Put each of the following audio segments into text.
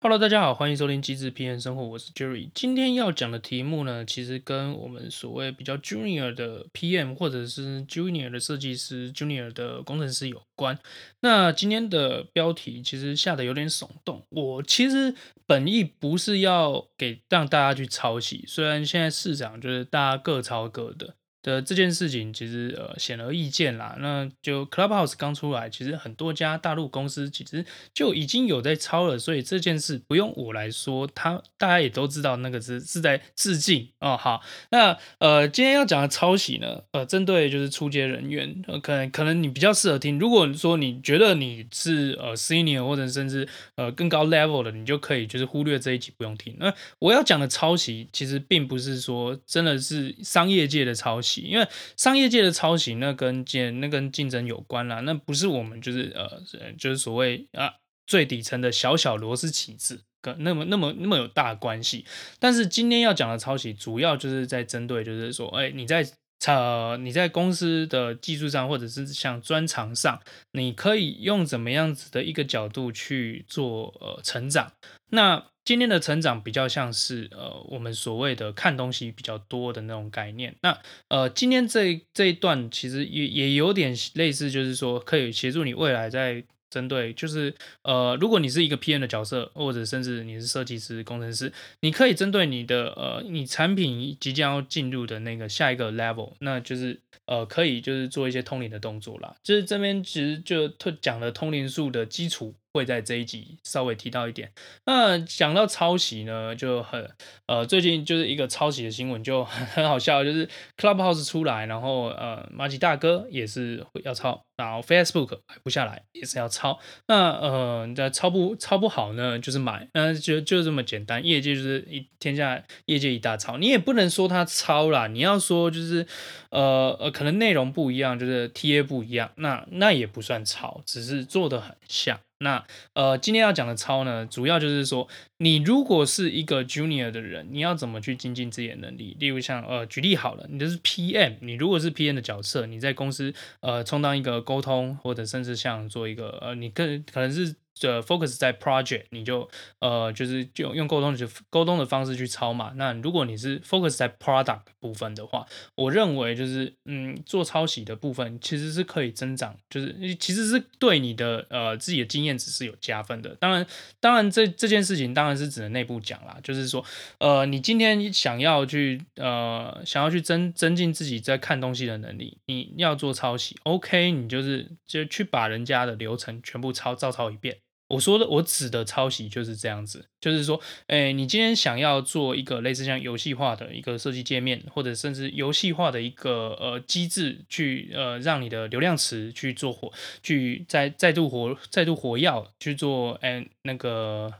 Hello，大家好，歡迎收聽機制 PM 生活，我是 Jerry。今天要講的題目呢，其實跟我們所謂比較 Junior 的 PM 或者是 Junior 的設計師、Junior 的工程師有關。那今天的標題其實下得有點聳動，我其實本意不是要給讓大家去抄襲，雖然現在市場就是大家各抄各的。呃，這件事情其實呃顯而易見啦。那就 Clubhouse 剛出來，其實很多家大陸公司其實就已經有在抄了。所以這件事不用我來說，他大家也都知道那個是是在致敬哦。好，那呃今天要講的抄襲呢，呃針對就是初階人員，呃、可能可能你比較適合聽。如果說你覺得你是呃 senior 或者甚至呃更高 level 的，你就可以就是忽略這一集不用聽。那、呃、我要講的抄襲，其實並不是說真的是商業界的抄襲。因為商業界的抄襲，那跟競那跟競爭有關啦，那不是我們就是呃就是所謂啊最底層的小小螺絲起子跟那麼那麼那麼有大關係。但是今天要講的抄襲，主要就是在針對就是說，哎、欸，你在呃你在公司的技術上或者是像專長上，你可以用怎麼樣子的一個角度去做呃成長。那今天的成長比較像是，呃，我們所謂的看東西比較多的那種概念。那，呃，今天這這一段其實也也有點類似，就是說可以協助你未來在針對，就是，呃，如果你是一個 PM 的角色，或者甚至你是設計師、工程師，你可以針對你的，呃，你產品即將要進入的那個下一個 level，那就是，呃，可以就是做一些通靈的動作啦。就是這邊其實就特講了通靈術的基礎。會在這一集稍微提到一點。那講到抄襲呢，就很呃，最近就是一個抄襲的新聞，就很很好笑，就是 Clubhouse 出來，然後呃，麻吉大哥也是要抄，然後 Facebook 不下來也是要抄。那呃，抄不抄不好呢，就是買，那就就這麼簡單。業界就是一天下業界一大抄，你也不能說它抄啦，你要說就是呃呃，可能內容不一樣，就是 TA 不一樣，那那也不算抄，只是做得很像。那呃，今天要講的抄呢，主要就是說，你如果是一個 junior 的人，你要怎麼去精進自己的能力？例如像呃，舉例好了，你就是 PM，你如果是 PM 的角色，你在公司呃，充當一個溝通，或者甚至像做一個呃，你更可能是。這 focus 在 project，你就呃就是就用用溝通就溝通的方式去抄嘛。那如果你是 focus 在 product 部分的話，我認為就是嗯做抄襲的部分其實是可以增長，就是其實是對你的呃自己的經驗值是有加分的。當然當然這這件事情當然是只能內部講啦，就是說呃你今天想要去呃想要去增增進自己在看東西的能力，你要做抄襲，OK，你就是就去把人家的流程全部抄，照抄一遍。我說的，我指的抄襲就是這樣子，就是說，哎，你今天想要做一個類似像遊戲化的一個設計界面，或者甚至遊戲化的一個呃機制去，去呃讓你的流量池去做火，去再再度火再度火藥去做，哎，那個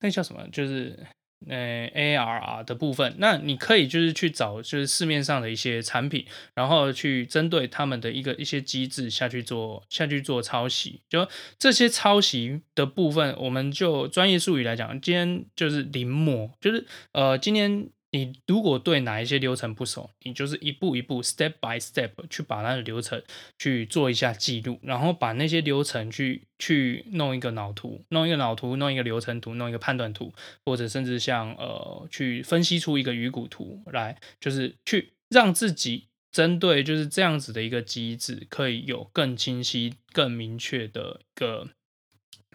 那叫什麼？就是。呃，A R R 的部分，那你可以就是去找，就是市面上的一些產品，然後去針對他們的一個一些機制下去做下去做抄襲。就這些抄襲的部分，我們就專業術語來講，今天就是臨摹，就是呃，今天。你如果對哪一些流程不熟，你就是一步一步 step by step 去把它的流程去做一下記錄，然後把那些流程去去弄一個腦圖，弄一個腦圖，弄一個流程圖，弄一個判斷圖，或者甚至像呃去分析出一個魚骨圖來，就是去讓自己針對就是這樣子的一個機制，可以有更清晰、更明確的一個。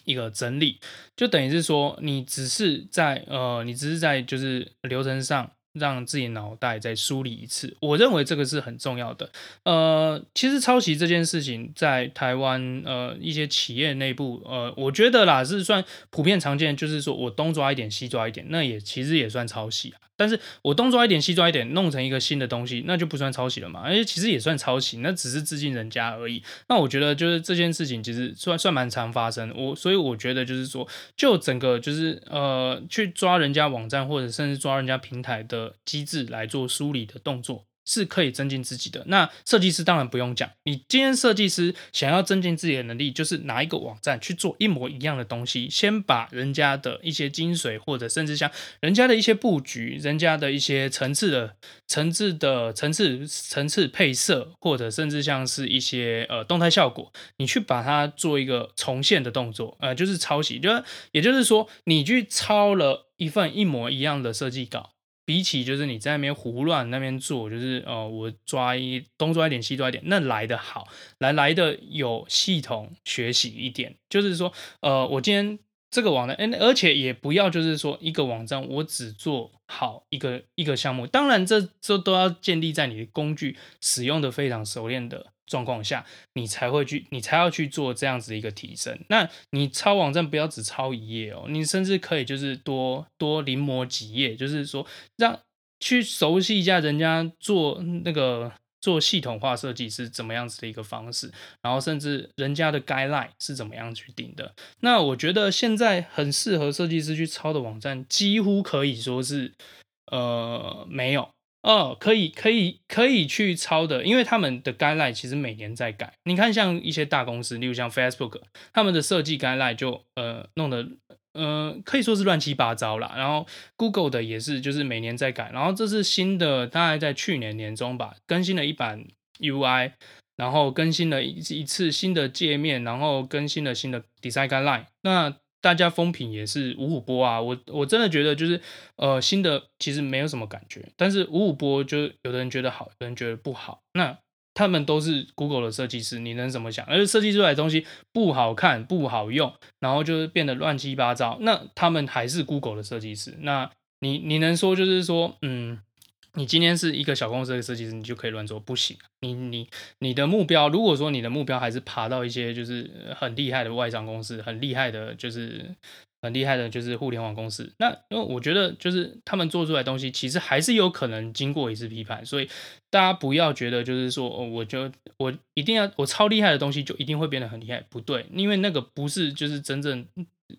一個整理，就等於是說，你只是在呃，你只是在就是流程上，讓自己腦袋再梳理一次。我認為這個是很重要的。呃，其實抄襲這件事情，在台灣呃一些企業內部，呃，我覺得啦是算普遍常見，就是說我東抓一點西抓一點，那也其實也算抄襲啊。但是我東抓一點西抓一點，弄成一個新的東西，那就不算抄襲了嘛？而且其實也算抄襲，那只是致敬人家而已。那我覺得就是這件事情，其實算算蠻常發生。我所以我覺得就是說，就整個就是呃，去抓人家網站或者甚至抓人家平台的機制來做梳理的動作。是可以增進自己的。那設計師當然不用講，你今天設計師想要增進自己的能力，就是拿一個網站去做一模一樣的東西，先把人家的一些精髓，或者甚至像人家的一些佈局、人家的一些層次的層次的層次層次配色，或者甚至像是一些呃動態效果，你去把它做一個重現的動作，呃，就是抄襲，就是也就是說，你去抄了一份一模一樣的設計稿。比起就是你在那邊胡亂那邊做，就是呃，我抓一東抓一點西抓一點，那來得好，來來得有系統學習一點，就是說呃，我今天。這個網站，哎，而且也不要就是說一個網站，我只做好一個一個項目。當然，這這都要建立在你的工具使用的非常熟練的狀況下，你才會去，你才要去做這樣子一個提昇。那你抄網站不要只抄一頁哦，你甚至可以就是多多臨摹幾頁，就是說，讓去熟悉一下人家做那個。做系統化設計是怎麼樣子的一個方式，然後甚至人家的 guideline 是怎麼樣去定的？那我覺得現在很適合設計師去抄的網站，幾乎可以說是，呃，沒有哦，可以可以可以去抄的，因為他們的 guideline 其實每年在改。你看，像一些大公司，例如像 Facebook，他們的設計 guideline 就呃弄得。呃，可以說是亂七八糟啦，然後 Google 的也是,就是每年在改。然後這是新的，大概在去年年中吧，更新了一版 UI，然後更新了一一次新的界面，然後更新了新的 design guideline。那大家風評也是五五波啊。我我真的覺得就是，呃，新的其實沒有什麼感覺，但是五五波，就有的人覺得好，有的人覺得不好。那他們都是 Google 的設計師，你能怎麼想？而且設計出來的東西不好看，不好用，然後就是變得亂七八糟，那他們還是 Google 的設計師，那你你能說就是說，嗯？你今天是一個小公司的設計師，你就可以亂做？不行，你你你的目標，如果說你的目標還是爬到一些就是很厲害的外商公司，很厲害的，就是很厲害的，就是互聯網公司，那因為我覺得就是他們做出來的東西，其實還是有可能經過一次批判，所以大家不要覺得就是說，哦，我就我一定要我超厲害的東西就一定會變得很厲害，不對，因為那個不是就是真正。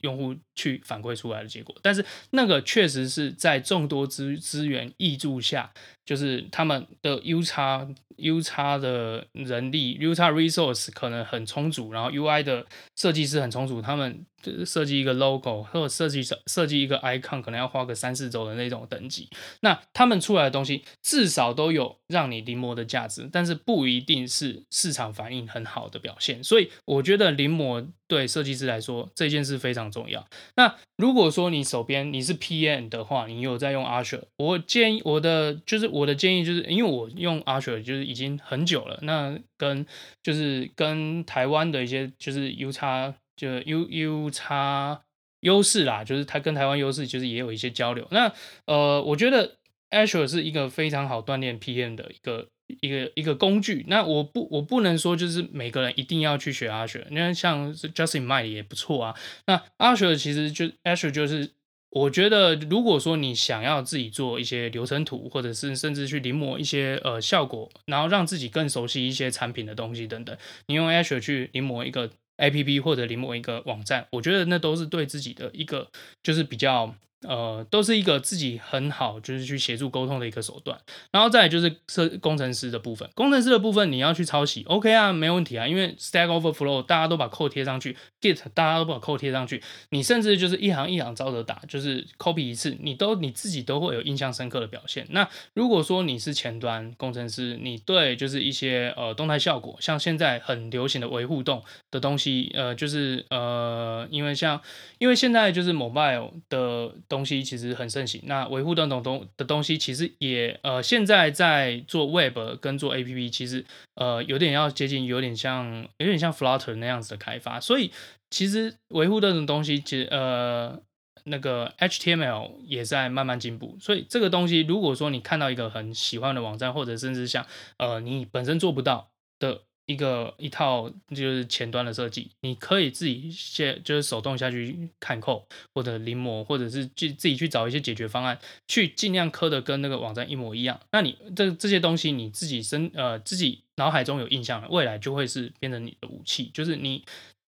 用戶去反饋出來的結果，但是那個確實是在眾多資資源挹注下。就是他們的 UX UX 的人力 UX resource 可能很充足，然後 UI 的設計師很充足，他們設計一個 logo 或設計設設計一個 icon 可能要花個三四周的那種等級。那他們出來的東西至少都有讓你臨摹的價值，但是不一定是市場反應很好的表現。所以我覺得臨摹對設計師來說這件事非常重要。那如果說你手邊你是 PM 的話，你有在用 Axure，我建議我的就是。我的建議就是，因為我用 Azure 就是已經很久了，那跟就是跟台灣的一些就是 UX 就 UUX 優勢啦，就是它跟台灣優勢就是也有一些交流。那呃，我覺得 Azure 是一個非常好鍛鍊 PM 的一個一個一個工具。那我不我不能說就是每個人一定要去學 Azure，因為像是 Justinmind 也不錯啊。那 Azure 其實就 Azure 就是。我覺得，如果說你想要自己做一些流程圖，或者是甚至去臨摹一些呃效果，然後讓自己更熟悉一些產品的東西等等，你用 Axure 去臨摹一個 APP 或者臨摹一個網站，我覺得那都是對自己的一個就是比較。呃，都是一個自己很好，就是去協助溝通的一個手段。然後再就是設工程師的部分，工程師的部分你要去抄襲，OK 啊，沒問題啊，因為 Stack Overflow 大家都把 code 貼上去，Git 大家都把 code 貼上去，你甚至就是一行一行照着打，就是 copy 一次，你都你自己都會有印象深刻的表現。那如果說你是前端工程師，你對就是一些呃動態效果，像現在很流行的微互動的東西，呃，就是呃，因為像因為現在就是 Mobile 的。東西其實很盛行，那維護這種東的東西其實也呃，現在在做 Web 跟做 App，其實呃有點要接近，有點像有點像 Flutter 那樣子的開發，所以其實維護這種東西，其實呃那個 HTML 也在慢慢進步，所以這個東西如果說你看到一個很喜歡的網站，或者甚至像呃你本身做不到的。一個一套就是前端的設計，你可以自己先，就是手動下去看扣，或者臨摹，或者是去自己去找一些解決方案，去盡量刻得跟那個網站一模一樣。那你這這些東西你自己身呃自己腦海中有印象了，未來就會是變成你的武器，就是你。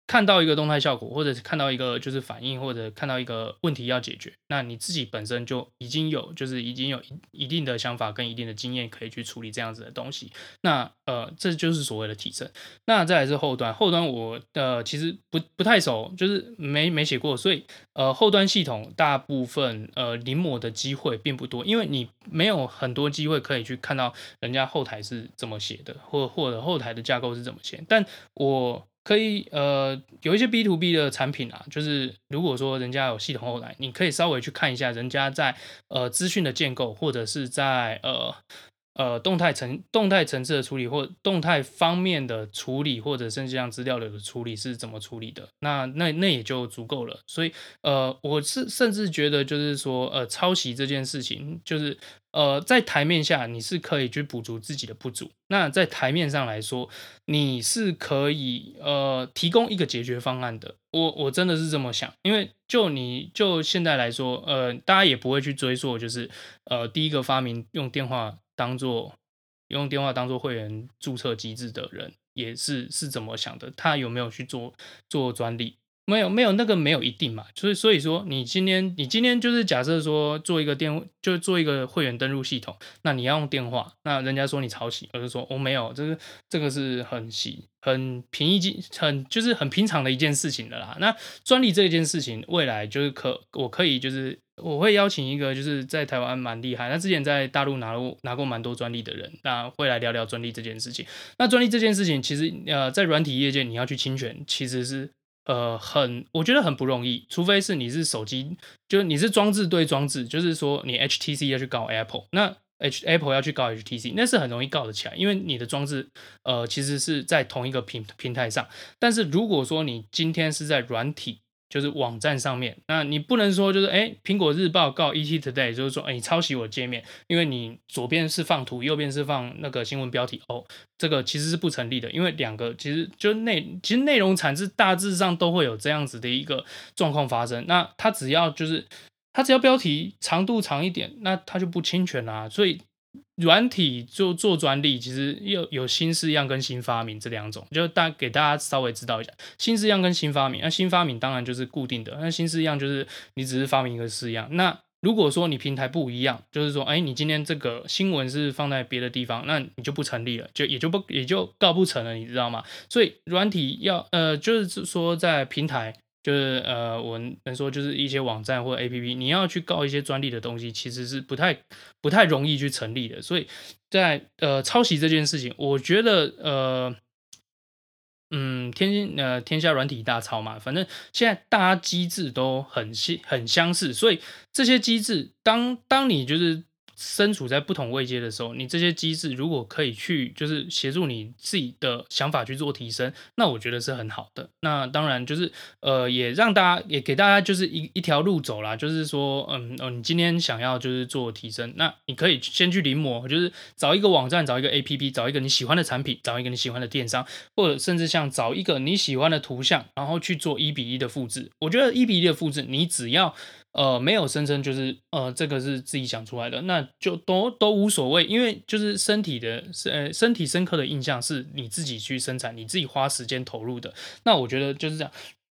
看到一個動態效果，或者是看到一個就是反應，或者看到一個問題要解決，那你自己本身就已經有，就是已經有一定的想法跟一定的經驗可以去處理這樣子的東西。那呃，這就是所謂的提升。那再來是後端，後端我呃其實不不太熟，就是沒沒寫過，所以呃後端系統大部分呃臨摹的機會並不多，因為你沒有很多機會可以去看到人家後台是怎麼寫的，或或者後台的架構是怎麼寫，但我。可以，呃，有一些 B to B 的產品啊，就是如果說人家有系統後台，你可以稍微去看一下人家在呃資訊的建構，或者是在呃。呃，動態層動態層次的處理或動態方面的處理，或者甚至像資料的處理是怎麼處理的？那那那也就足夠了。所以，呃，我是甚至覺得，就是說，呃，抄襲這件事情，就是呃，在台面下你是可以去補足自己的不足，那在台面上來說，你是可以呃提供一個解決方案的。我我真的是這麼想，因為就你就現在來說，呃，大家也不會去追溯，就是呃，第一個發明用電話。當做用電話當做會員註冊機制的人，也是是怎麼想的？他有沒有去做做專利？沒有沒有那個沒有一定嘛，所以所以說你今天你今天就是假設說做一個電就做一個會員登錄系統，那你要用電話，那人家說你抄襲，而是說我、哦、沒有，就是這個是很習很平易近很就是很平常的一件事情的啦。那專利這一件事情，未來就是可我可以就是我會邀請一個就是在台灣蠻厲害，那之前在大陸拿過拿過蠻多專利的人，那會來聊聊專利這件事情。那專利這件事情，其實呃在軟體業界你要去侵權其實是。呃，很，我覺得很不容易，除非是你是手機，就是你是裝置對裝置，就是說你 HTC 要去告 Apple，那 H，Apple 要去告 HTC，那是很容易告得起來，因為你的裝置呃其實是在同一個平平台上。但是如果說你今天是在軟體。就是網站上面，那你不能說就是哎，蘋果日報告 ET Today，就是說哎，你抄襲我介面，因為你左邊是放圖，右邊是放那個新聞標題，哦，這個其實是不成立的，因為兩個其實就內其實內容產自大致上都會有這樣子的一個狀況發生，那它只要就是它只要標題長度長一點，那它就不侵權啦，所以。軟體就做做專利，其實又有新式樣跟新發明這兩種，就大給大家稍微知道一下，新式樣跟新發明。那新發明當然就是固定的，那新式樣就是你只是發明一個式樣。那如果說你平台不一樣，就是說，哎、欸，你今天這個新聞是放在別的地方，那你就不成立了，就也就不也就告不成了，你知道嗎？所以軟體要呃，就是說在平台。就是呃，我能說就是一些網站或 APP，你要去告一些專利的東西，其實是不太不太容易去成立的。所以在，在呃抄襲這件事情，我覺得呃，嗯，天呃天下軟體大抄嘛，反正現在大家機制都很相很相似，所以這些機制當，當當你就是。身處在不同位階的時候，你這些機制如果可以去就是協助你自己的想法去做提升，那我覺得是很好的。那當然就是呃也讓大家也給大家就是一一條路走啦，就是說嗯，哦，你今天想要就是做提升，那你可以先去臨摹，就是找一個網站，找一個 A P P，找一個你喜歡的產品，找一個你喜歡的電商，或者甚至像找一個你喜歡的圖像，然後去做一比一的複製。我覺得一比一的複製，你只要呃，沒有聲稱就是呃，這個是自己想出來的，那就都都無所謂，因為就是身體的身身體深刻的印象是你自己去生產，你自己花時間投入的。那我覺得就是這樣，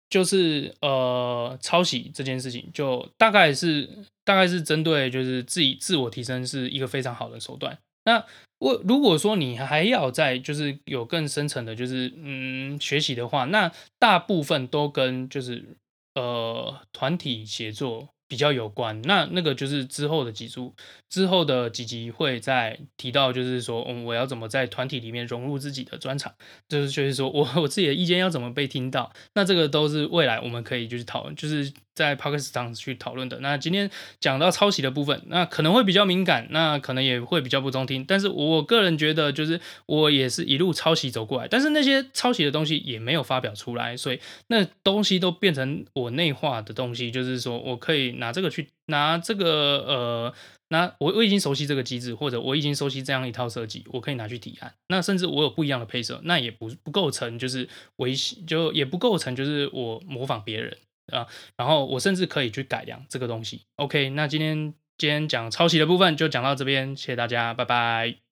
就是呃，抄襲這件事情就大概是大概是針對就是自己自我提升是一個非常好的手段。那我如果說你還要再就是有更深層的，就是嗯學習的話，那大部分都跟就是。呃，團體協作比較有關，那那個就是之後的幾組，之後的幾集會再提到，就是說，嗯，我要怎麼在團體裡面融入自己的專長，就是就是說我我自己的意見要怎麼被聽到，那這個都是未來我們可以就是討論，就是。在 podcast 上去討論的。那今天講到抄襲的部分，那可能會比較敏感，那可能也會比較不中聽。但是我個人覺得，就是我也是一路抄襲走過來，但是那些抄襲的東西也沒有發表出來，所以那東西都變成我內化的東西。就是說我可以拿這個去拿這個呃，拿我我已經熟悉這個機制，或者我已經熟悉這樣一套設計，我可以拿去提案。那甚至我有不一樣的配色，那也不不構成就是維違，就也不構成就是我模仿別人。啊，然後我甚至可以去改良這個東西。OK，那今天今天講抄襲的部分就講到這邊，謝謝大家，拜拜。